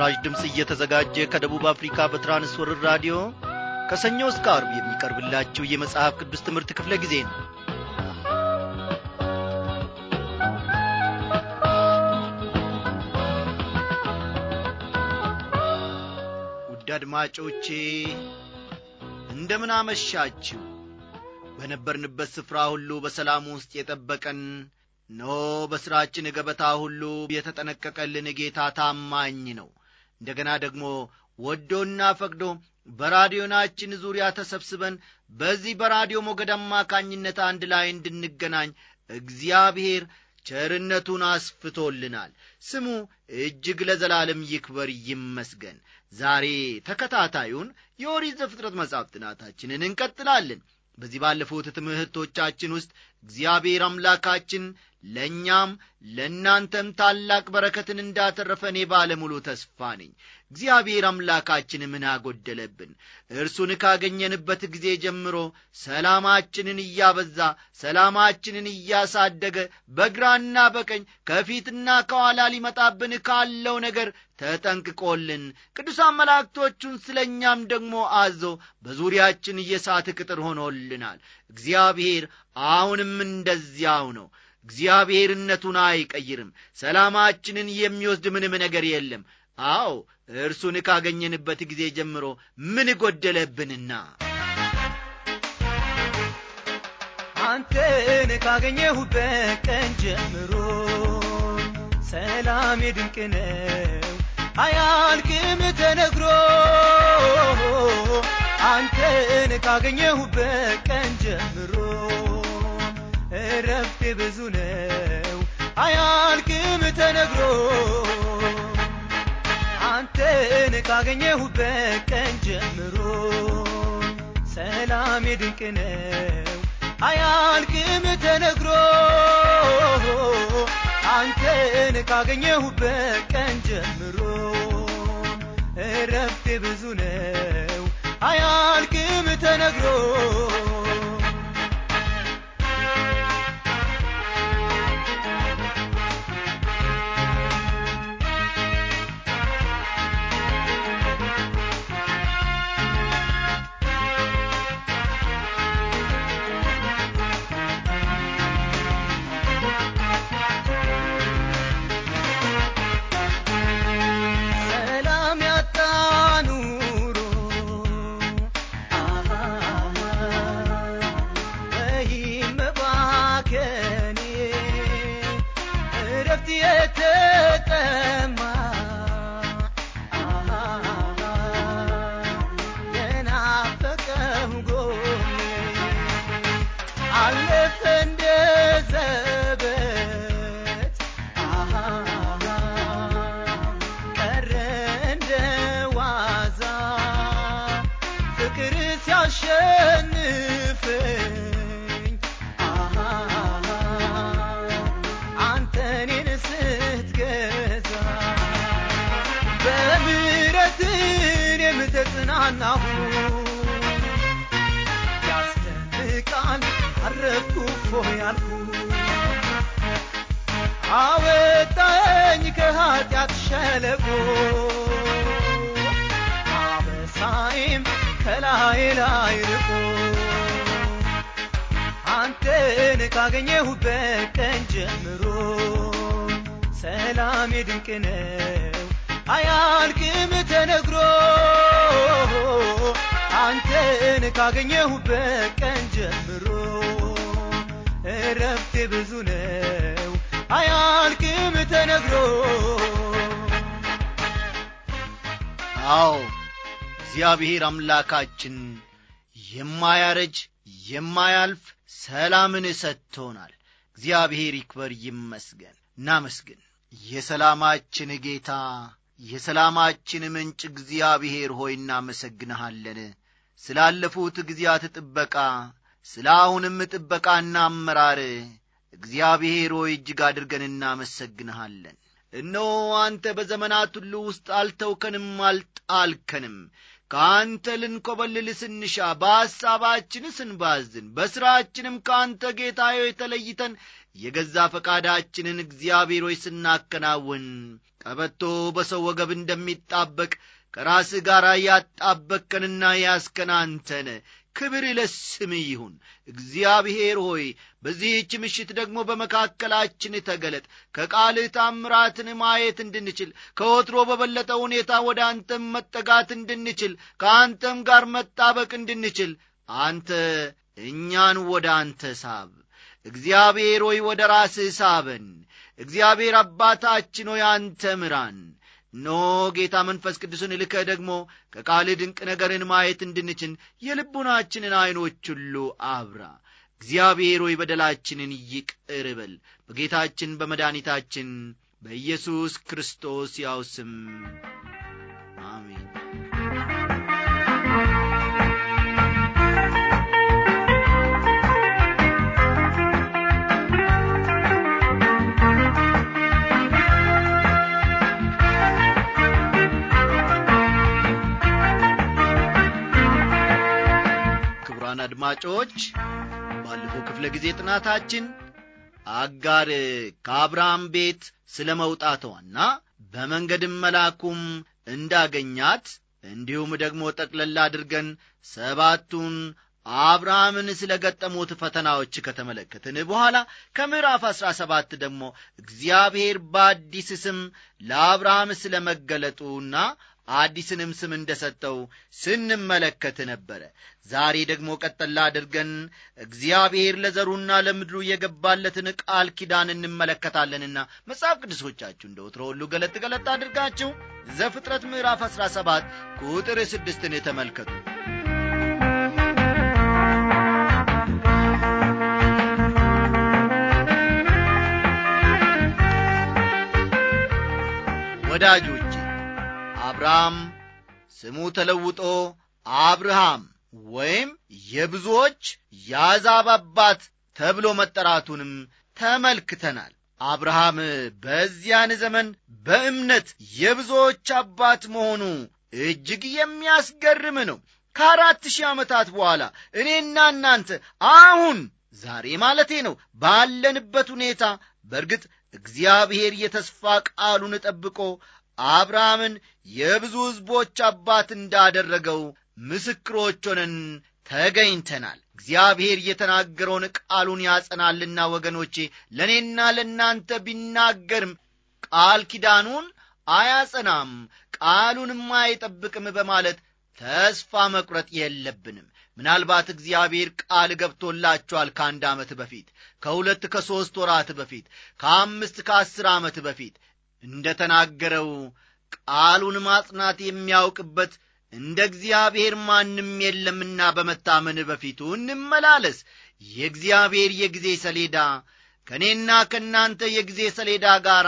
ለምሥራች ድምፅ እየተዘጋጀ ከደቡብ አፍሪካ በትራንስወርር ራዲዮ ከሰኞ እስከ አርብ የሚቀርብላችሁ የመጽሐፍ ቅዱስ ትምህርት ክፍለ ጊዜ ነው ውድ አድማጮቼ እንደምን አመሻችሁ በነበርንበት ስፍራ ሁሉ በሰላም ውስጥ የጠበቀን ኖ በሥራችን ገበታ ሁሉ የተጠነቀቀልን ጌታ ታማኝ ነው እንደገና ደግሞ ወዶና ፈቅዶ በራዲዮናችን ዙሪያ ተሰብስበን በዚህ በራዲዮ ሞገድ አማካኝነት አንድ ላይ እንድንገናኝ እግዚአብሔር ቸርነቱን አስፍቶልናል። ስሙ እጅግ ለዘላለም ይክበር ይመስገን። ዛሬ ተከታታዩን የኦሪት ዘፍጥረት መጽሐፍ ጥናታችንን እንቀጥላለን። በዚህ ባለፉት ትምህርቶቻችን ውስጥ እግዚአብሔር አምላካችን ለእኛም ለእናንተም ታላቅ በረከትን እንዳተረፈ እኔ ባለሙሉ ተስፋ ነኝ። እግዚአብሔር አምላካችን ምን አጎደለብን? እርሱን ካገኘንበት ጊዜ ጀምሮ ሰላማችንን እያበዛ ሰላማችንን እያሳደገ በግራና በቀኝ ከፊትና ከኋላ ሊመጣብን ካለው ነገር ተጠንቅቆልን ቅዱሳን መላእክቶቹን ስለ እኛም ደግሞ አዞ በዙሪያችን እየሳት ቅጥር ሆኖልናል። እግዚአብሔር አሁንም እንደዚያው ነው። እግዚአብሔርነቱን አይቀይርም። ሰላማችንን የሚወስድ ምንም ነገር የለም። አዎ እርሱን ካገኘንበት ጊዜ ጀምሮ ምን ጎደለብንና አንተን ካገኘሁበት ቀን ጀምሮ ሰላም የድንቅ ነው አያልቅም ተነግሮ አንተን ካገኘሁበት ቀን ጀምሮ እረፍቴ ብዙ ነው አያልቅም ተነግሮ አንተን ካገኘሁበት ቀን ጀምሮ ሰላሜ ድንቅ ነው አያልቅም ተነግሮ አንተን ካገኘሁበት ቀን ጀምሮ እረፍቴ ብዙ ነው አያልቅም ተነግሮ አወጣኝ ከኃጢአት ሸለቆ አበሳይም ከላይ ላይ ርቆ አንተን ካገኘሁበት ቀን ጀምሮ ሰላም የድንቅ ነው አያልቅም ተነግሮ አንተን ካገኘሁበት ቀን ጀምሮ እረፍቴ ብዙ ነው አያልቅም ተነግሮ አዎ እግዚአብሔር አምላካችን የማያረጅ የማያልፍ ሰላምን ሰጥቶናል እግዚአብሔር ይክበር ይመስገን እናመስግን የሰላማችን ጌታ የሰላማችን ምንጭ እግዚአብሔር ሆይ እናመሰግንሃለን ስላለፉት ጊዜያት ጥበቃ ስለ አሁንም ጥበቃና አመራር እግዚአብሔር ሆይ እጅግ አድርገን እናመሰግንሃለን። እነሆ አንተ በዘመናት ሁሉ ውስጥ አልተውከንም፣ አልጣልከንም። ከአንተ ልንኰበልል ስንሻ፣ በሐሳባችን ስንባዝን፣ በሥራችንም ከአንተ ጌታዮ የተለይተን የገዛ ፈቃዳችንን እግዚአብሔር ስናከናውን ቀበቶ በሰው ወገብ እንደሚጣበቅ ከራስህ ጋር ያጣበቅከንና ያስከናንተን ክብር ለስም ይሁን እግዚአብሔር ሆይ በዚህች ምሽት ደግሞ በመካከላችን ተገለጥ ከቃልህ ታምራትን ማየት እንድንችል ከወትሮ በበለጠ ሁኔታ ወደ አንተም መጠጋት እንድንችል ከአንተም ጋር መጣበቅ እንድንችል አንተ እኛን ወደ አንተ ሳብ እግዚአብሔር ሆይ ወደ ራስህ ሳበን እግዚአብሔር አባታችን ሆይ አንተ ምራን ኖ ጌታ መንፈስ ቅዱስን ልከ ደግሞ ከቃል ድንቅ ነገርን ማየት እንድንችን የልቡናችንን ዐይኖች ሁሉ አብራ። እግዚአብሔር ሆይ በደላችንን ይቅር በል። በጌታችን በመድኒታችን በኢየሱስ ክርስቶስ ያው ስም ክቡራን አድማጮች ባለፈው ክፍለ ጊዜ ጥናታችን አጋር ከአብርሃም ቤት ስለ መውጣተዋና በመንገድም መላኩም እንዳገኛት እንዲሁም ደግሞ ጠቅለላ አድርገን ሰባቱን አብርሃምን ስለ ገጠሙት ፈተናዎች ከተመለከትን በኋላ ከምዕራፍ አሥራ ሰባት ደግሞ እግዚአብሔር በአዲስ ስም ለአብርሃም ስለ መገለጡና አዲስንም ስም እንደ ሰጠው ስንመለከት ነበረ። ዛሬ ደግሞ ቀጠላ አድርገን እግዚአብሔር ለዘሩና ለምድሩ የገባለትን ቃል ኪዳን እንመለከታለንና መጽሐፍ ቅዱሶቻችሁ እንደ ወትሮ ሁሉ ገለጥ ገለጥ አድርጋችሁ ዘፍጥረት ምዕራፍ 17 ቁጥር ስድስትን ተመልከቱ። ወዳጆች አብርሃም ስሙ ተለውጦ አብርሃም ወይም የብዙዎች የአሕዛብ አባት ተብሎ መጠራቱንም ተመልክተናል። አብርሃም በዚያን ዘመን በእምነት የብዙዎች አባት መሆኑ እጅግ የሚያስገርም ነው። ከአራት ሺህ ዓመታት በኋላ እኔና እናንተ አሁን ዛሬ ማለቴ ነው ባለንበት ሁኔታ በእርግጥ እግዚአብሔር የተስፋ ቃሉን ጠብቆ አብርሃምን የብዙ ሕዝቦች አባት እንዳደረገው ምስክሮች ሆነን ተገኝተናል። እግዚአብሔር የተናገረውን ቃሉን ያጸናልና ወገኖቼ፣ ለእኔና ለእናንተ ቢናገርም ቃል ኪዳኑን አያጸናም፣ ቃሉንም አይጠብቅም በማለት ተስፋ መቁረጥ የለብንም። ምናልባት እግዚአብሔር ቃል ገብቶላችኋል። ከአንድ ዓመት በፊት፣ ከሁለት ከሦስት ወራት በፊት፣ ከአምስት ከአስር ዓመት በፊት እንደ ተናገረው ቃሉን ማጽናት የሚያውቅበት እንደ እግዚአብሔር ማንም የለምና በመታመን በፊቱ እንመላለስ። የእግዚአብሔር የጊዜ ሰሌዳ ከእኔና ከእናንተ የጊዜ ሰሌዳ ጋር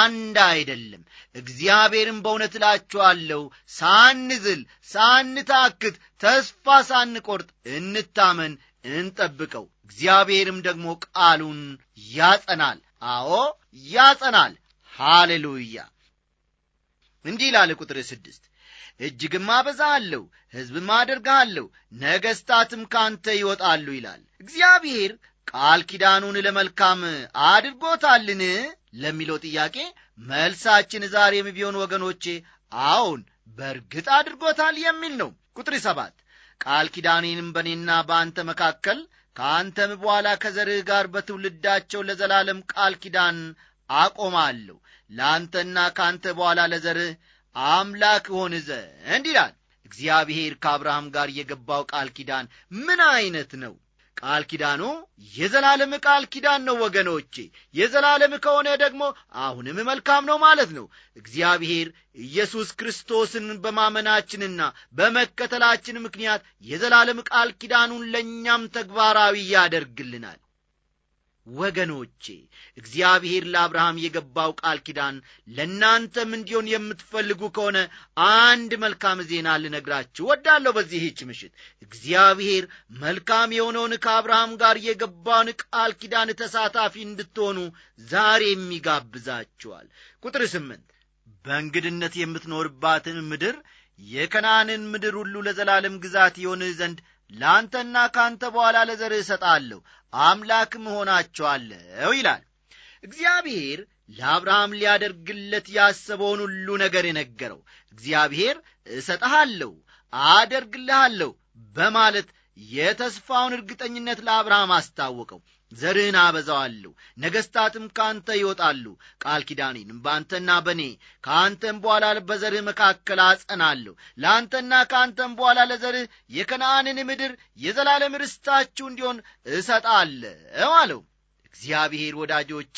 አንድ አይደለም። እግዚአብሔርም በእውነት እላችኋለሁ ሳንዝል፣ ሳንታክት፣ ተስፋ ሳንቆርጥ እንታመን፣ እንጠብቀው። እግዚአብሔርም ደግሞ ቃሉን ያጸናል። አዎ ያጸናል። ሃሌሉያ እንዲህ ይላል ቁጥር ስድስት እጅግም አበዛሃለሁ፣ ሕዝብም አደርግሃለሁ፣ ነገሥታትም ካንተ ይወጣሉ ይላል። እግዚአብሔር ቃል ኪዳኑን ለመልካም አድርጎታልን ለሚለው ጥያቄ መልሳችን ዛሬም ቢሆን ወገኖቼ፣ አዎን በእርግጥ አድርጎታል የሚል ነው። ቁጥር ሰባት ቃል ኪዳኔንም በእኔና በአንተ መካከል ከአንተም በኋላ ከዘርህ ጋር በትውልዳቸው ለዘላለም ቃል ኪዳን አቆማለሁ ለአንተና ካንተ በኋላ ለዘርህ አምላክ ሆን ዘንድ ይላል። እግዚአብሔር ከአብርሃም ጋር የገባው ቃል ኪዳን ምን ዐይነት ነው? ቃል ኪዳኑ የዘላለም ቃል ኪዳን ነው ወገኖቼ። የዘላለም ከሆነ ደግሞ አሁንም መልካም ነው ማለት ነው። እግዚአብሔር ኢየሱስ ክርስቶስን በማመናችንና በመከተላችን ምክንያት የዘላለም ቃል ኪዳኑን ለእኛም ተግባራዊ ያደርግልናል። ወገኖቼ እግዚአብሔር ለአብርሃም የገባው ቃል ኪዳን ለእናንተም እንዲሆን የምትፈልጉ ከሆነ አንድ መልካም ዜና ልነግራችሁ ወዳለሁ። በዚህች ምሽት እግዚአብሔር መልካም የሆነውን ከአብርሃም ጋር የገባውን ቃል ኪዳን ተሳታፊ እንድትሆኑ ዛሬ የሚጋብዛችኋል። ቁጥር ስምንት በእንግድነት የምትኖርባትን ምድር የከናንን ምድር ሁሉ ለዘላለም ግዛት የሆንህ ዘንድ ለአንተና ከአንተ በኋላ ለዘርህ እሰጣለሁ አምላክም እሆናቸዋለሁ ይላል። እግዚአብሔር ለአብርሃም ሊያደርግለት ያሰበውን ሁሉ ነገር የነገረው እግዚአብሔር እሰጠሃለሁ አደርግልሃለሁ በማለት የተስፋውን እርግጠኝነት ለአብርሃም አስታወቀው። ዘርህን አበዛዋለሁ፣ ነገሥታትም ከአንተ ይወጣሉ፣ ቃል ኪዳኔንም በአንተና በእኔ ከአንተም በኋላ በዘርህ መካከል አጸናለሁ። ለአንተና ከአንተም በኋላ ለዘርህ የከነአንን ምድር የዘላለም ርስታችሁ እንዲሆን እሰጣለሁ አለው። እግዚአብሔር ወዳጆቼ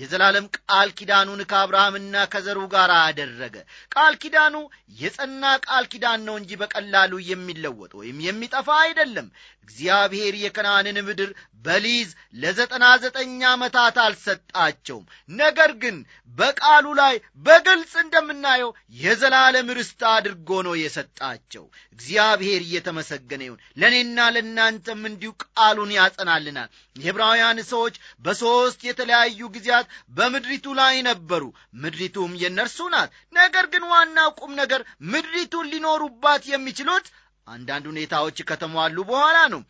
የዘላለም ቃል ኪዳኑን ከአብርሃምና ከዘሩ ጋር አደረገ። ቃል ኪዳኑ የጸና ቃል ኪዳን ነው እንጂ በቀላሉ የሚለወጥ ወይም የሚጠፋ አይደለም። እግዚአብሔር የከናንን ምድር በሊዝ ለዘጠና ዘጠኝ ዓመታት አልሰጣቸውም። ነገር ግን በቃሉ ላይ በግልጽ እንደምናየው የዘላለም ርስት አድርጎ ነው የሰጣቸው። እግዚአብሔር እየተመሰገነ ይሁን። ለእኔና ለእናንተም እንዲሁ ቃሉን ያጸናልናል። የዕብራውያን ሰዎች በሦስት የተለያዩ ጊዜያት ነገሥታት በምድሪቱ ላይ ነበሩ። ምድሪቱም የእነርሱ ናት። ነገር ግን ዋና ቁም ነገር ምድሪቱን ሊኖሩባት የሚችሉት አንዳንድ ሁኔታዎች ከተሟሉ በኋላ ነው።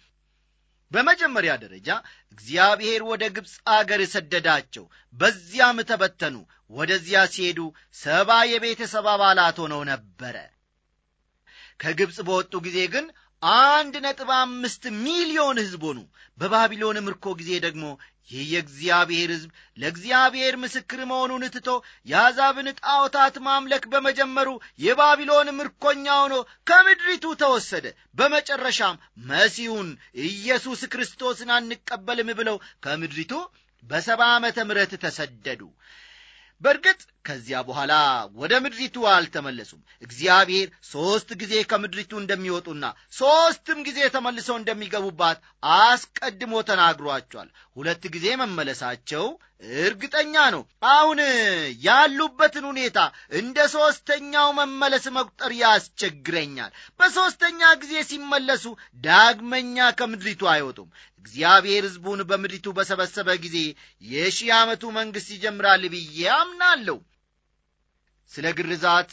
በመጀመሪያ ደረጃ እግዚአብሔር ወደ ግብፅ አገር ሰደዳቸው። በዚያም ተበተኑ። ወደዚያ ሲሄዱ ሰባ የቤተሰብ አባላት ሆነው ነበረ። ከግብፅ በወጡ ጊዜ ግን አንድ ነጥብ አምስት ሚሊዮን ሕዝብ ሆኑ። በባቢሎን ምርኮ ጊዜ ደግሞ ይህ የእግዚአብሔር ሕዝብ ለእግዚአብሔር ምስክር መሆኑን ትቶ የአሕዛብን ጣዖታት ማምለክ በመጀመሩ የባቢሎን ምርኮኛ ሆኖ ከምድሪቱ ተወሰደ። በመጨረሻም መሲሁን ኢየሱስ ክርስቶስን አንቀበልም ብለው ከምድሪቱ በሰባ ዓመተ ምሕረት ተሰደዱ። በእርግጥ ከዚያ በኋላ ወደ ምድሪቱ አልተመለሱም። እግዚአብሔር ሦስት ጊዜ ከምድሪቱ እንደሚወጡና ሦስትም ጊዜ ተመልሰው እንደሚገቡባት አስቀድሞ ተናግሯቸዋል። ሁለት ጊዜ መመለሳቸው እርግጠኛ ነው። አሁን ያሉበትን ሁኔታ እንደ ሦስተኛው መመለስ መቁጠር ያስቸግረኛል። በሦስተኛ ጊዜ ሲመለሱ ዳግመኛ ከምድሪቱ አይወጡም። እግዚአብሔር ሕዝቡን በምድሪቱ በሰበሰበ ጊዜ የሺህ ዓመቱ መንግሥት ይጀምራል ብዬ አምናለሁ። ስለ ግርዛት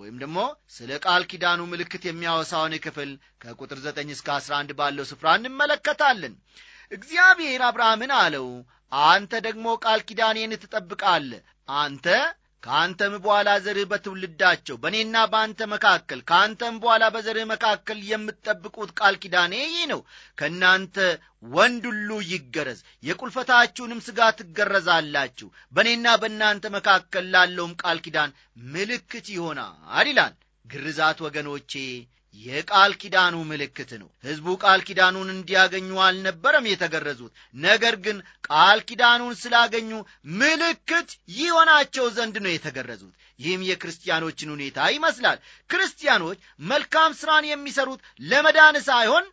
ወይም ደግሞ ስለ ቃል ኪዳኑ ምልክት የሚያወሳውን ክፍል ከቁጥር 9 እስከ 11 ባለው ስፍራ እንመለከታለን እግዚአብሔር አብርሃምን አለው አንተ ደግሞ ቃል ኪዳኔን ትጠብቃለህ አንተ ከአንተም በኋላ ዘርህ በትውልዳቸው በእኔና በአንተ መካከል ከአንተም በኋላ በዘርህ መካከል የምትጠብቁት ቃል ኪዳኔ ይህ ነው። ከእናንተ ወንድ ሁሉ ይገረዝ፣ የቁልፈታችሁንም ስጋ ትገረዛላችሁ፣ በእኔና በእናንተ መካከል ላለውም ቃል ኪዳን ምልክት ይሆናል ይላል። ግርዛት ወገኖቼ የቃል ኪዳኑ ምልክት ነው። ሕዝቡ ቃል ኪዳኑን እንዲያገኙ አልነበረም የተገረዙት፣ ነገር ግን ቃል ኪዳኑን ስላገኙ ምልክት ይሆናቸው ዘንድ ነው የተገረዙት። ይህም የክርስቲያኖችን ሁኔታ ይመስላል። ክርስቲያኖች መልካም ሥራን የሚሠሩት ለመዳን ሳይሆን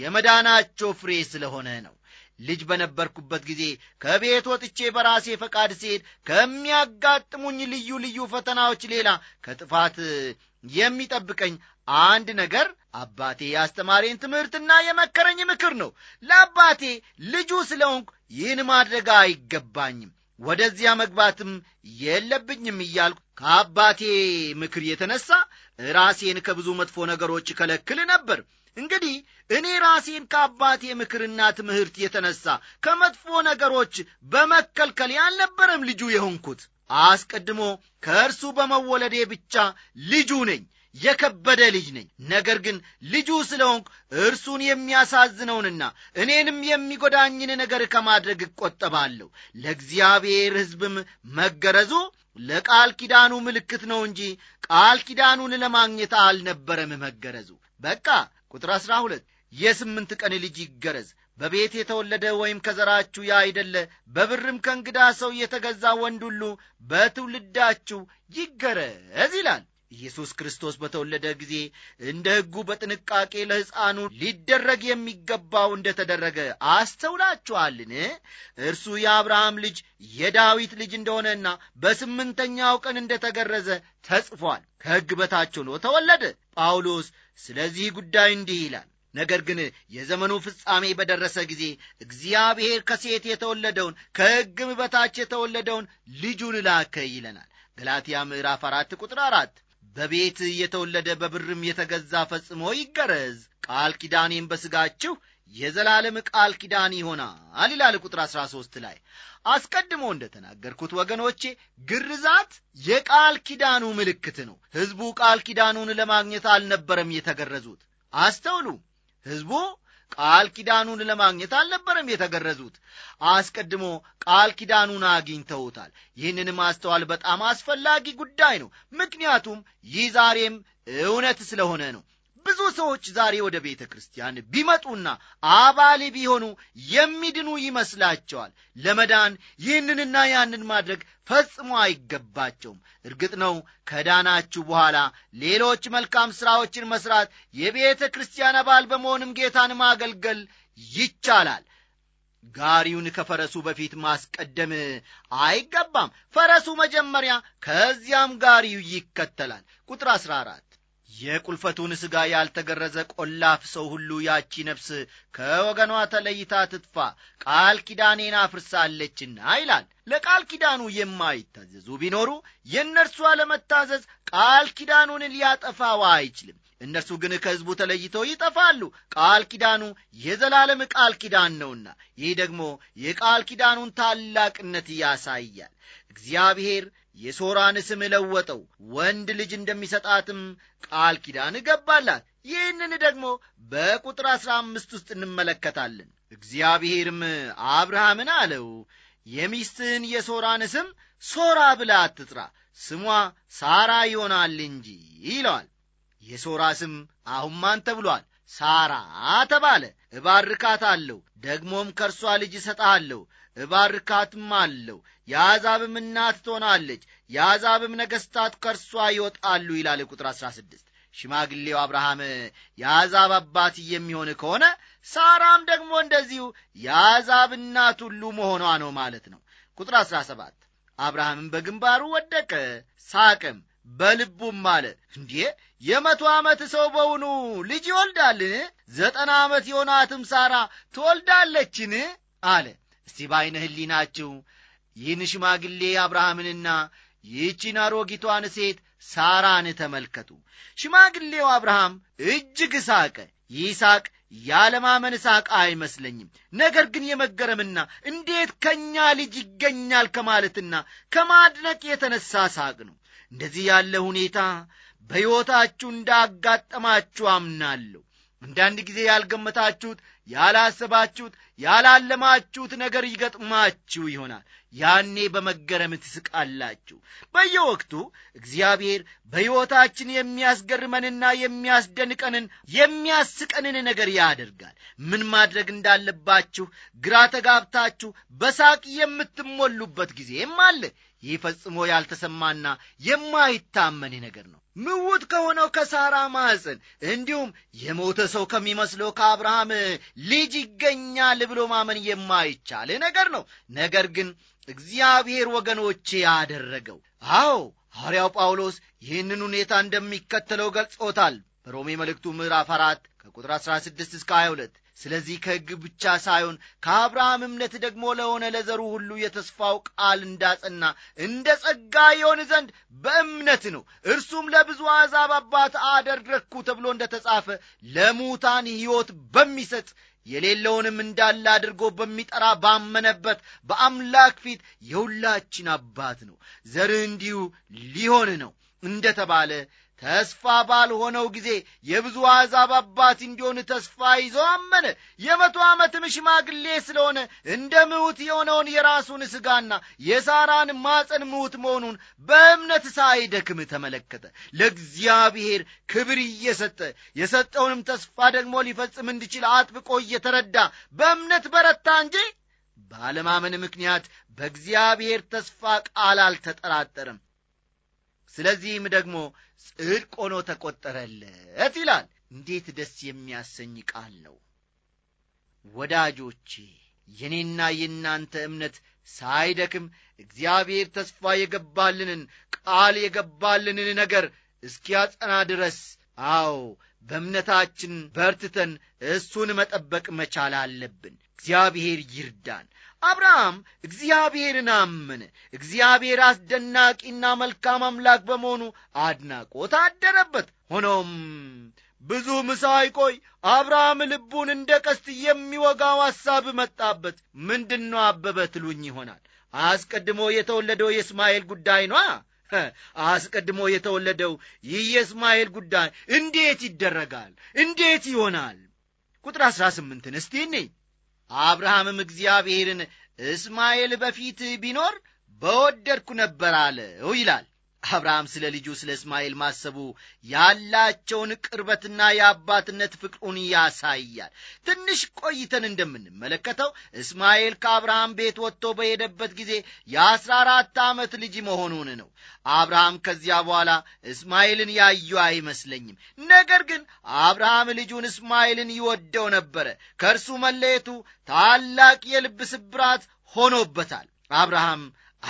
የመዳናቸው ፍሬ ስለሆነ ነው። ልጅ በነበርኩበት ጊዜ ከቤት ወጥቼ በራሴ ፈቃድ ስሄድ ከሚያጋጥሙኝ ልዩ ልዩ ፈተናዎች ሌላ ከጥፋት የሚጠብቀኝ አንድ ነገር አባቴ የአስተማሪን ትምህርትና የመከረኝ ምክር ነው። ለአባቴ ልጁ ስለ ሆንኩ ይህን ማድረግ አይገባኝም፣ ወደዚያ መግባትም የለብኝም እያልኩ ከአባቴ ምክር የተነሳ ራሴን ከብዙ መጥፎ ነገሮች ከለክል ነበር። እንግዲህ እኔ ራሴን ከአባቴ ምክርና ትምህርት የተነሳ ከመጥፎ ነገሮች በመከልከል ያልነበረም ልጁ የሆንኩት አስቀድሞ ከእርሱ በመወለዴ ብቻ ልጁ ነኝ። የከበደ ልጅ ነኝ። ነገር ግን ልጁ ሆንኩ እርሱን የሚያሳዝነውንና እኔንም የሚጎዳኝን ነገር ከማድረግ እቆጠባለሁ። ለእግዚአብሔር ሕዝብም መገረዙ ለቃል ኪዳኑ ምልክት ነው እንጂ ቃል ኪዳኑን ለማግኘት አልነበረም መገረዙ። በቃ ቁጥር አሥራ ሁለት የስምንት ቀን ልጅ ይገረዝ በቤት የተወለደ ወይም ከዘራችሁ ያይደለ በብርም ከእንግዳ ሰው የተገዛ ወንድ ሁሉ በትውልዳችሁ ይገረዝ ይላል። ኢየሱስ ክርስቶስ በተወለደ ጊዜ እንደ ሕጉ በጥንቃቄ ለሕፃኑ ሊደረግ የሚገባው እንደ ተደረገ አስተውላችኋልን? እርሱ የአብርሃም ልጅ የዳዊት ልጅ እንደሆነና በስምንተኛው ቀን እንደ ተገረዘ ተጽፏል። ከሕግ በታች ሆኖ ተወለደ። ጳውሎስ ስለዚህ ጉዳይ እንዲህ ይላል ነገር ግን የዘመኑ ፍጻሜ በደረሰ ጊዜ እግዚአብሔር ከሴት የተወለደውን ከሕግም በታች የተወለደውን ልጁን ላከ ይለናል። ገላትያ ምዕራፍ አራት ቁጥር አራት በቤት የተወለደ በብርም የተገዛ ፈጽሞ ይገረዝ፣ ቃል ኪዳኔም በሥጋችሁ የዘላለም ቃል ኪዳን ይሆናል ይላል ቁጥር 13 ላይ። አስቀድሞ እንደተናገርኩት ወገኖቼ ግርዛት የቃል ኪዳኑ ምልክት ነው። ሕዝቡ ቃል ኪዳኑን ለማግኘት አልነበረም የተገረዙት። አስተውሉ፣ ሕዝቡ ቃል ኪዳኑን ለማግኘት አልነበረም የተገረዙት። አስቀድሞ ቃል ኪዳኑን አግኝተውታል። ይህንን ማስተዋል በጣም አስፈላጊ ጉዳይ ነው። ምክንያቱም ይህ ዛሬም እውነት ስለሆነ ነው። ብዙ ሰዎች ዛሬ ወደ ቤተ ክርስቲያን ቢመጡና አባል ቢሆኑ የሚድኑ ይመስላቸዋል። ለመዳን ይህንንና ያንን ማድረግ ፈጽሞ አይገባቸውም። እርግጥ ነው ከዳናችሁ በኋላ ሌሎች መልካም ሥራዎችን መሥራት፣ የቤተ ክርስቲያን አባል በመሆንም ጌታን ማገልገል ይቻላል። ጋሪውን ከፈረሱ በፊት ማስቀደም አይገባም። ፈረሱ መጀመሪያ፣ ከዚያም ጋሪው ይከተላል። ቁጥር 14 የቁልፈቱን ሥጋ ያልተገረዘ ቈላፍ ሰው ሁሉ ያቺ ነፍስ ከወገኗ ተለይታ ትጥፋ ቃል ኪዳኔን አፍርሳለችና ይላል። ለቃል ኪዳኑ የማይታዘዙ ቢኖሩ የእነርሱ አለመታዘዝ ቃል ኪዳኑን ሊያጠፋው አይችልም። እነርሱ ግን ከሕዝቡ ተለይተው ይጠፋሉ። ቃል ኪዳኑ የዘላለም ቃል ኪዳን ነውና፣ ይህ ደግሞ የቃል ኪዳኑን ታላቅነት ያሳያል። እግዚአብሔር የሶራን ስም ለወጠው፣ ወንድ ልጅ እንደሚሰጣትም ቃል ኪዳን እገባላት ይህንን ደግሞ በቁጥር አሥራ አምስት ውስጥ እንመለከታለን። እግዚአብሔርም አብርሃምን አለው የሚስትህን የሶራን ስም ሶራ ብላ አትጥራ፣ ስሟ ሳራ ይሆናል እንጂ ይለዋል። የሶራ ስም አሁን ማን ተብሏል? ሳራ ተባለ። እባርካታለሁ፣ ደግሞም ከእርሷ ልጅ እሰጥሃለሁ እባርካትም አለው የአሕዛብም እናት ትሆናለች፣ የአሕዛብም ነገሥታት ከእርሷ ይወጣሉ ይላል ቁጥር 16 ሽማግሌው አብርሃም የአሕዛብ አባት የሚሆን ከሆነ ሳራም ደግሞ እንደዚሁ የአሕዛብ እናት ሁሉ መሆኗ ነው ማለት ነው። ቁጥር 17 አብርሃምም በግንባሩ ወደቀ ሳቅም፣ በልቡም አለ እንዴ የመቶ ዓመት ሰው በውኑ ልጅ ይወልዳልን? ዘጠና ዓመት የሆናትም ሳራ ትወልዳለችን? አለ። እስቲ ባይነ ህሊናችሁ ይህን ሽማግሌ አብርሃምንና ይህቺን አሮጊቷን ሴት ሳራን ተመልከቱ። ሽማግሌው አብርሃም እጅግ ሳቀ። ይህ ሳቅ ያለማመን ሳቅ አይመስለኝም። ነገር ግን የመገረምና እንዴት ከእኛ ልጅ ይገኛል ከማለትና ከማድነቅ የተነሳ ሳቅ ነው። እንደዚህ ያለ ሁኔታ በሕይወታችሁ እንዳጋጠማችሁ አምናለሁ። አንዳንድ ጊዜ ያልገመታችሁት ያላሰባችሁት ያላለማችሁት ነገር ይገጥማችሁ ይሆናል። ያኔ በመገረም ትስቃላችሁ። በየወቅቱ እግዚአብሔር በሕይወታችን የሚያስገርመንና የሚያስደንቀንን የሚያስቀንን ነገር ያደርጋል። ምን ማድረግ እንዳለባችሁ ግራ ተጋብታችሁ በሳቅ የምትሞሉበት ጊዜም አለ። ይህ ፈጽሞ ያልተሰማና የማይታመን ነገር ነው። ምውት ከሆነው ከሳራ ማዕፅን እንዲሁም የሞተ ሰው ከሚመስለው ከአብርሃም ልጅ ይገኛል ብሎ ማመን የማይቻል ነገር ነው። ነገር ግን እግዚአብሔር ወገኖች ያደረገው። አዎ ሐዋርያው ጳውሎስ ይህንን ሁኔታ እንደሚከተለው ገልጾታል። በሮሜ መልእክቱ ምዕራፍ አራት ከቁጥር 16 እስከ 22 ስለዚህ ከሕግ ብቻ ሳይሆን ከአብርሃም እምነት ደግሞ ለሆነ ለዘሩ ሁሉ የተስፋው ቃል እንዳጸና እንደ ጸጋ የሆን ዘንድ በእምነት ነው። እርሱም ለብዙ አሕዛብ አባት አደረግኩ ተብሎ እንደ ተጻፈ ለሙታን ሕይወት በሚሰጥ የሌለውንም እንዳለ አድርጎ በሚጠራ ባመነበት በአምላክ ፊት የሁላችን አባት ነው። ዘርህ እንዲሁ ሊሆን ነው እንደተባለ ተስፋ ባልሆነው ጊዜ የብዙ አሕዛብ አባት እንዲሆን ተስፋ ይዞ አመነ። የመቶ ዓመትም ሽማግሌ ስለሆነ እንደ ምውት የሆነውን የራሱን ሥጋና የሳራን ማፀን ምውት መሆኑን በእምነት ሳይደክም ተመለከተ። ለእግዚአብሔር ክብር እየሰጠ የሰጠውንም ተስፋ ደግሞ ሊፈጽም እንዲችል አጥብቆ እየተረዳ በእምነት በረታ እንጂ ባለማመን ምክንያት በእግዚአብሔር ተስፋ ቃል አልተጠራጠርም። ስለዚህም ደግሞ ጽድቅ ሆኖ ተቆጠረለት ይላል። እንዴት ደስ የሚያሰኝ ቃል ነው ወዳጆቼ! የኔና የእናንተ እምነት ሳይደክም እግዚአብሔር ተስፋ የገባልንን ቃል የገባልንን ነገር እስኪያጸና ድረስ አዎ በእምነታችን በርትተን እሱን መጠበቅ መቻል አለብን። እግዚአብሔር ይርዳን። አብርሃም እግዚአብሔርን አመነ። እግዚአብሔር አስደናቂና መልካም አምላክ በመሆኑ አድናቆት አደረበት። ሆኖም ብዙም ሳይቆይ አብርሃም ልቡን እንደ ቀስት የሚወጋው ሐሳብ መጣበት። ምንድነው አበበ ትሉኝ ይሆናል። አስቀድሞ የተወለደው የእስማኤል ጉዳይ ኗ አስቀድሞ የተወለደው ይህ የእስማኤል ጉዳይ እንዴት ይደረጋል? እንዴት ይሆናል? ቁጥር አሥራ ስምንትን እስቲ እኔ አብርሃምም እግዚአብሔርን እስማኤል በፊት ቢኖር በወደድኩ ነበር አለው ይላል አብርሃም ስለ ልጁ ስለ እስማኤል ማሰቡ ያላቸውን ቅርበትና የአባትነት ፍቅሩን ያሳያል። ትንሽ ቆይተን እንደምንመለከተው እስማኤል ከአብርሃም ቤት ወጥቶ በሄደበት ጊዜ የአስራ አራት ዓመት ልጅ መሆኑን ነው። አብርሃም ከዚያ በኋላ እስማኤልን ያዩ አይመስለኝም። ነገር ግን አብርሃም ልጁን እስማኤልን ይወደው ነበረ። ከእርሱ መለየቱ ታላቅ የልብ ስብራት ሆኖበታል። አብርሃም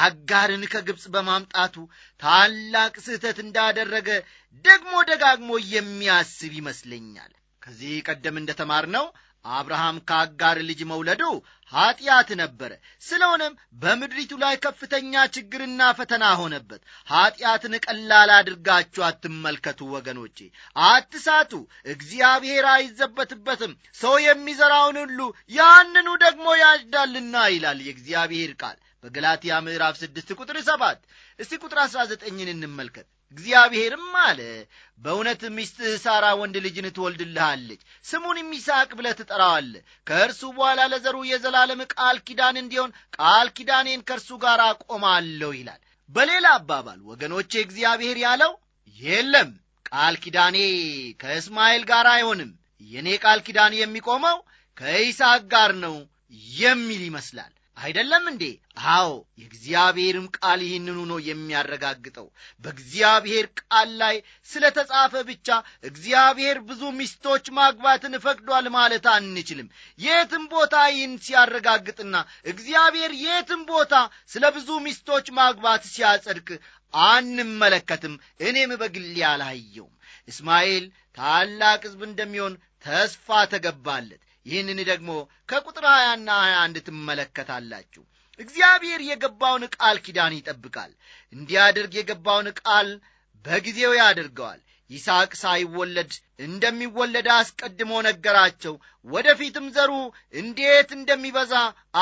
አጋርን ከግብፅ በማምጣቱ ታላቅ ስህተት እንዳደረገ ደግሞ ደጋግሞ የሚያስብ ይመስለኛል። ከዚህ ቀደም እንደተማርነው አብርሃም ከአጋር ልጅ መውለዱ ኀጢአት ነበረ። ስለሆነም በምድሪቱ ላይ ከፍተኛ ችግርና ፈተና ሆነበት። ኀጢአትን ቀላል አድርጋችሁ አትመልከቱ ወገኖቼ፣ አትሳቱ፣ እግዚአብሔር አይዘበትበትም። ሰው የሚዘራውን ሁሉ ያንኑ ደግሞ ያጭዳልና ይላል የእግዚአብሔር ቃል በገላትያ ምዕራፍ 6 ቁጥር 7። እስቲ ቁጥር 19ን እንመልከት። እግዚአብሔርም አለ በእውነት ሚስትህ ሳራ ወንድ ልጅን ትወልድልሃለች፣ ስሙን ይስሐቅ ብለህ ትጠራዋለ ከእርሱ በኋላ ለዘሩ የዘላለም ቃል ኪዳን እንዲሆን ቃል ኪዳኔን ከእርሱ ጋር አቆማለሁ ይላል። በሌላ አባባል ወገኖቼ እግዚአብሔር ያለው የለም፣ ቃል ኪዳኔ ከእስማኤል ጋር አይሆንም፣ የእኔ ቃል ኪዳን የሚቆመው ከይስሐቅ ጋር ነው የሚል ይመስላል። አይደለም እንዴ? አዎ፣ የእግዚአብሔርም ቃል ይህንኑ ነው የሚያረጋግጠው። በእግዚአብሔር ቃል ላይ ስለ ተጻፈ ብቻ እግዚአብሔር ብዙ ሚስቶች ማግባትን ፈቅዷል ማለት አንችልም። የትም ቦታ ይህን ሲያረጋግጥና እግዚአብሔር የትም ቦታ ስለ ብዙ ሚስቶች ማግባት ሲያጸድቅ አንመለከትም። እኔም በግሌ አላየውም። እስማኤል ታላቅ ሕዝብ እንደሚሆን ተስፋ ተገባለት። ይህንን ደግሞ ከቁጥር ሀያና ሀያ አንድ ትመለከታላችሁ እግዚአብሔር የገባውን ቃል ኪዳን ይጠብቃል እንዲያደርግ የገባውን ቃል በጊዜው ያደርገዋል ይስሐቅ ሳይወለድ እንደሚወለድ አስቀድሞ ነገራቸው ወደፊትም ዘሩ እንዴት እንደሚበዛ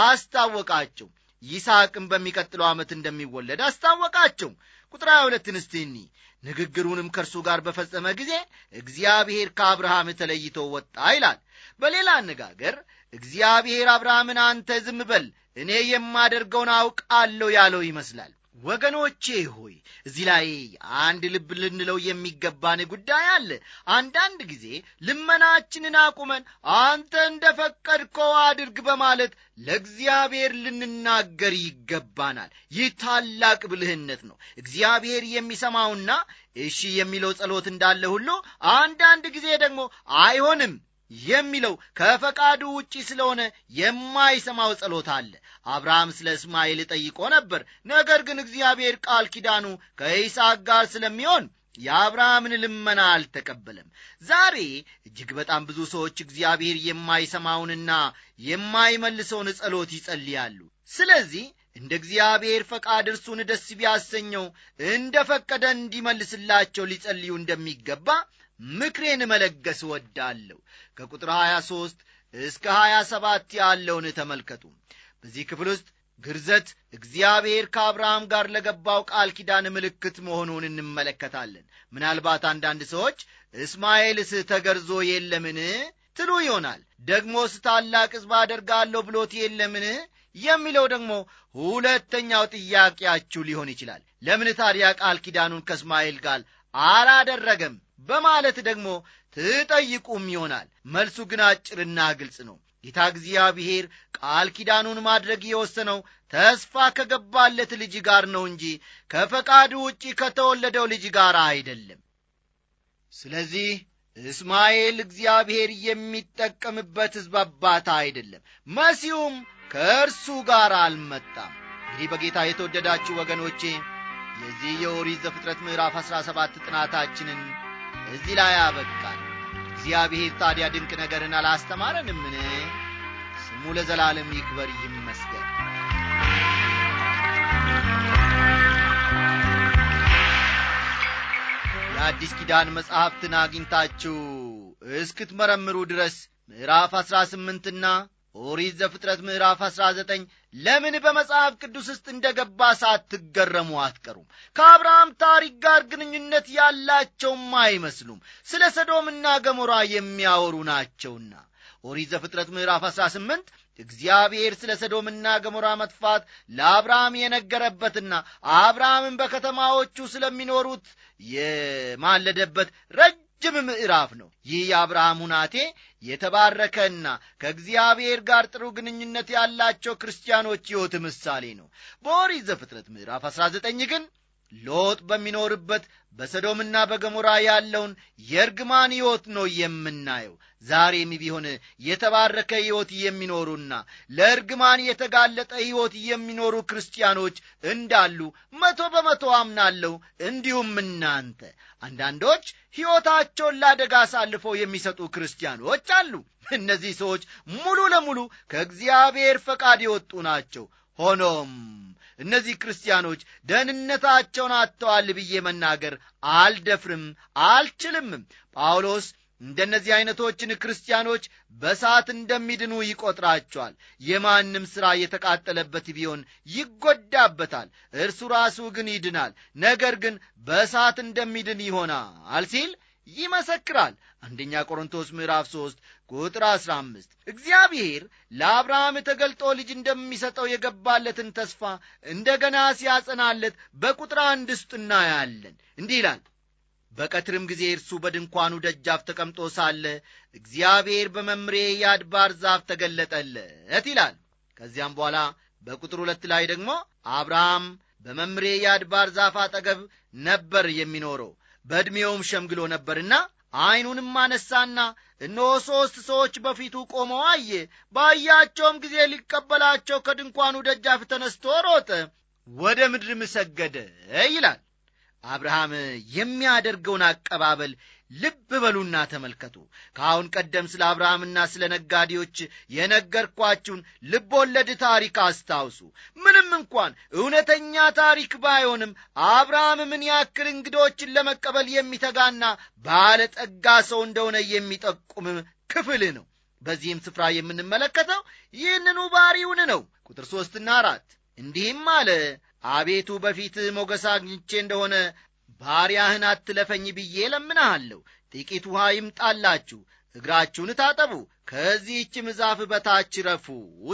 አስታወቃቸው ይስሐቅም በሚቀጥለው ዓመት እንደሚወለድ አስታወቃቸው ቁጥር 22 እስቲ ንግግሩንም ከእርሱ ጋር በፈጸመ ጊዜ እግዚአብሔር ከአብርሃም ተለይቶ ወጣ ይላል በሌላ አነጋገር እግዚአብሔር አብርሃምን አንተ ዝም በል እኔ የማደርገውን አውቃለሁ ያለው ይመስላል። ወገኖቼ ሆይ እዚህ ላይ አንድ ልብ ልንለው የሚገባን ጉዳይ አለ። አንዳንድ ጊዜ ልመናችንን አቁመን አንተ እንደ ፈቀድከው አድርግ በማለት ለእግዚአብሔር ልንናገር ይገባናል። ይህ ታላቅ ብልህነት ነው። እግዚአብሔር የሚሰማውና እሺ የሚለው ጸሎት እንዳለ ሁሉ አንዳንድ ጊዜ ደግሞ አይሆንም የሚለው ከፈቃዱ ውጪ ስለሆነ የማይሰማው ጸሎት አለ። አብርሃም ስለ እስማኤል ጠይቆ ነበር። ነገር ግን እግዚአብሔር ቃል ኪዳኑ ከይስሐቅ ጋር ስለሚሆን የአብርሃምን ልመና አልተቀበለም። ዛሬ እጅግ በጣም ብዙ ሰዎች እግዚአብሔር የማይሰማውንና የማይመልሰውን ጸሎት ይጸልያሉ። ስለዚህ እንደ እግዚአብሔር ፈቃድ እርሱን ደስ ቢያሰኘው እንደ ፈቀደ እንዲመልስላቸው ሊጸልዩ እንደሚገባ ምክሬን መለገስ እወዳለሁ። ከቁጥር 23 እስከ 27 ያለውን ተመልከቱ። በዚህ ክፍል ውስጥ ግርዘት እግዚአብሔር ከአብርሃም ጋር ለገባው ቃል ኪዳን ምልክት መሆኑን እንመለከታለን። ምናልባት አንዳንድ ሰዎች እስማኤልስ ተገርዞ የለምን ትሉ ይሆናል። ደግሞስ ታላቅ ሕዝብ አደርጋለሁ ብሎት የለምን የሚለው ደግሞ ሁለተኛው ጥያቄያችሁ ሊሆን ይችላል። ለምን ታዲያ ቃል ኪዳኑን ከእስማኤል ጋር አላደረገም በማለት ደግሞ ትጠይቁም ይሆናል። መልሱ ግን አጭርና ግልጽ ነው። ጌታ እግዚአብሔር ቃል ኪዳኑን ማድረግ የወሰነው ተስፋ ከገባለት ልጅ ጋር ነው እንጂ ከፈቃዱ ውጪ ከተወለደው ልጅ ጋር አይደለም። ስለዚህ እስማኤል እግዚአብሔር የሚጠቀምበት ሕዝብ አባት አይደለም፣ መሲሁም ከእርሱ ጋር አልመጣም። እንግዲህ በጌታ የተወደዳችሁ ወገኖቼ የዚህ የኦሪት ዘፍጥረት ምዕራፍ 17 ጥናታችንን እዚህ ላይ ያበቃል እግዚአብሔር ታዲያ ድንቅ ነገርን አላስተማረንምን ስሙ ለዘላለም ይክበር ይመስገን የአዲስ ኪዳን መጽሐፍትን አግኝታችሁ እስክትመረምሩ ድረስ ምዕራፍ አሥራ ስምንትና ኦሪት ዘፍጥረት ምዕራፍ 19 ለምን በመጽሐፍ ቅዱስ ውስጥ እንደ ገባ ሳትገረሙ አትቀሩም። ከአብርሃም ታሪክ ጋር ግንኙነት ያላቸውም አይመስሉም፣ ስለ ሰዶምና ገሞራ የሚያወሩ ናቸውና። ኦሪት ዘፍጥረት ምዕራፍ 18 እግዚአብሔር ስለ ሰዶምና ገሞራ መጥፋት ለአብርሃም የነገረበትና አብርሃምን በከተማዎቹ ስለሚኖሩት የማለደበት ረጅ ረጅም ምዕራፍ ነው። ይህ የአብርሃም ሁናቴ የተባረከና ከእግዚአብሔር ጋር ጥሩ ግንኙነት ያላቸው ክርስቲያኖች ሕይወት ምሳሌ ነው። በኦሪት ዘፍጥረት ምዕራፍ 19 ግን ሎጥ በሚኖርበት በሰዶምና በገሞራ ያለውን የእርግማን ሕይወት ነው የምናየው። ዛሬም ቢሆን የተባረከ ሕይወት የሚኖሩና ለእርግማን የተጋለጠ ሕይወት የሚኖሩ ክርስቲያኖች እንዳሉ መቶ በመቶ አምናለሁ። እንዲሁም እናንተ አንዳንዶች ሕይወታቸውን ለአደጋ አሳልፈው የሚሰጡ ክርስቲያኖች አሉ። እነዚህ ሰዎች ሙሉ ለሙሉ ከእግዚአብሔር ፈቃድ የወጡ ናቸው። ሆኖም እነዚህ ክርስቲያኖች ደህንነታቸውን አጥተዋል ብዬ መናገር አልደፍርም አልችልም። ጳውሎስ እንደነዚህ ዐይነቶችን ክርስቲያኖች በሳት እንደሚድኑ ይቈጥራቸዋል። የማንም ሥራ የተቃጠለበት ቢሆን ይጎዳበታል፣ እርሱ ራሱ ግን ይድናል። ነገር ግን በሳት እንደሚድን ይሆናል ሲል ይመሰክራል አንደኛ ቆሮንቶስ ምዕራፍ 3 ቁጥር 15 እግዚአብሔር ለአብርሃም ተገልጦ ልጅ እንደሚሰጠው የገባለትን ተስፋ እንደገና ሲያጸናለት በቁጥር አንድ ውስጥ እናያለን እንዲህ ይላል በቀትርም ጊዜ እርሱ በድንኳኑ ደጃፍ ተቀምጦ ሳለ እግዚአብሔር በመምሬ የአድባር ዛፍ ተገለጠለት ይላል ከዚያም በኋላ በቁጥር ሁለት ላይ ደግሞ አብርሃም በመምሬ የአድባር ዛፍ አጠገብ ነበር የሚኖረው በዕድሜውም ሸምግሎ ነበርና ዐይኑንም አነሳና እነሆ ሦስት ሰዎች በፊቱ ቆመው አየ። ባያቸውም ጊዜ ሊቀበላቸው ከድንኳኑ ደጃፍ ተነስቶ ሮጠ፣ ወደ ምድርም ሰገደ ይላል። አብርሃም የሚያደርገውን አቀባበል ልብ በሉና ተመልከቱ። ከአሁን ቀደም ስለ አብርሃምና ስለ ነጋዴዎች የነገርኳችሁን ልቦወለድ ታሪክ አስታውሱ። ምንም እንኳን እውነተኛ ታሪክ ባይሆንም አብርሃም ምን ያክል እንግዶችን ለመቀበል የሚተጋና ባለጠጋ ሰው እንደሆነ የሚጠቁም ክፍል ነው። በዚህም ስፍራ የምንመለከተው ይህንኑ ባሪውን ነው። ቁጥር ሦስትና አራት እንዲህም አለ አቤቱ በፊት ሞገስ አግኝቼ እንደሆነ ባሪያህን አትለፈኝ ብዬ ለምናሃለሁ ጥቂት ውሃ ይምጣላችሁ፣ እግራችሁን ታጠቡ፣ ከዚህችም ምዛፍ በታች ረፉ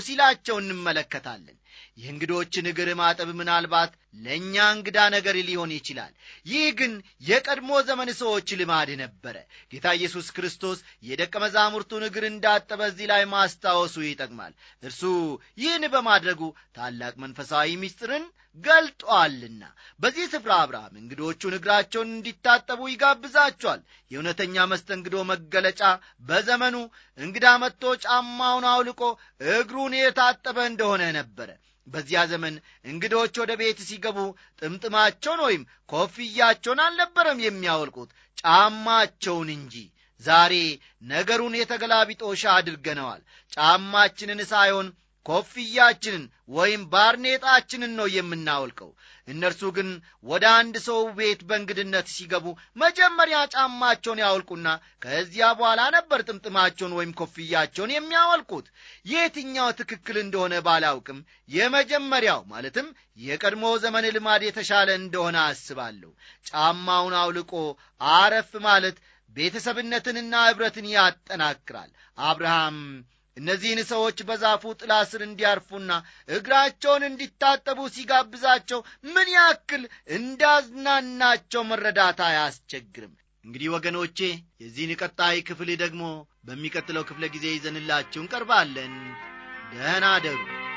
ሲላቸው እንመለከታለን። የእንግዶችን እግር ማጠብ ምናልባት ለእኛ እንግዳ ነገር ሊሆን ይችላል። ይህ ግን የቀድሞ ዘመን ሰዎች ልማድ ነበረ። ጌታ ኢየሱስ ክርስቶስ የደቀ መዛሙርቱን እግር እንዳጠበ እዚህ ላይ ማስታወሱ ይጠቅማል። እርሱ ይህን በማድረጉ ታላቅ መንፈሳዊ ምስጢርን ገልጧልና በዚህ ስፍራ አብርሃም እንግዶቹን እግራቸውን እንዲታጠቡ ይጋብዛቸዋል። የእውነተኛ መስተንግዶ መገለጫ በዘመኑ እንግዳ መጥቶ ጫማውን አውልቆ እግሩን የታጠበ እንደሆነ ነበረ። በዚያ ዘመን እንግዶች ወደ ቤት ሲገቡ ጥምጥማቸውን ወይም ኮፍያቸውን አልነበረም የሚያወልቁት ጫማቸውን እንጂ። ዛሬ ነገሩን የተገላቢጦሻ አድርገነዋል። ጫማችንን ሳይሆን ኮፍያችንን ወይም ባርኔጣችንን ነው የምናወልቀው። እነርሱ ግን ወደ አንድ ሰው ቤት በእንግድነት ሲገቡ መጀመሪያ ጫማቸውን ያወልቁና ከዚያ በኋላ ነበር ጥምጥማቸውን ወይም ኮፍያቸውን የሚያወልቁት። የትኛው ትክክል እንደሆነ ባላውቅም የመጀመሪያው ማለትም የቀድሞ ዘመን ልማድ የተሻለ እንደሆነ አስባለሁ። ጫማውን አውልቆ አረፍ ማለት ቤተሰብነትንና ኅብረትን ያጠናክራል። አብርሃም እነዚህን ሰዎች በዛፉ ጥላ ስር እንዲያርፉና እግራቸውን እንዲታጠቡ ሲጋብዛቸው ምን ያክል እንዳዝናናቸው መረዳት አያስቸግርም። እንግዲህ ወገኖቼ የዚህን ቀጣይ ክፍል ደግሞ በሚቀጥለው ክፍለ ጊዜ ይዘንላችሁ እንቀርባለን። ደህና ደሩ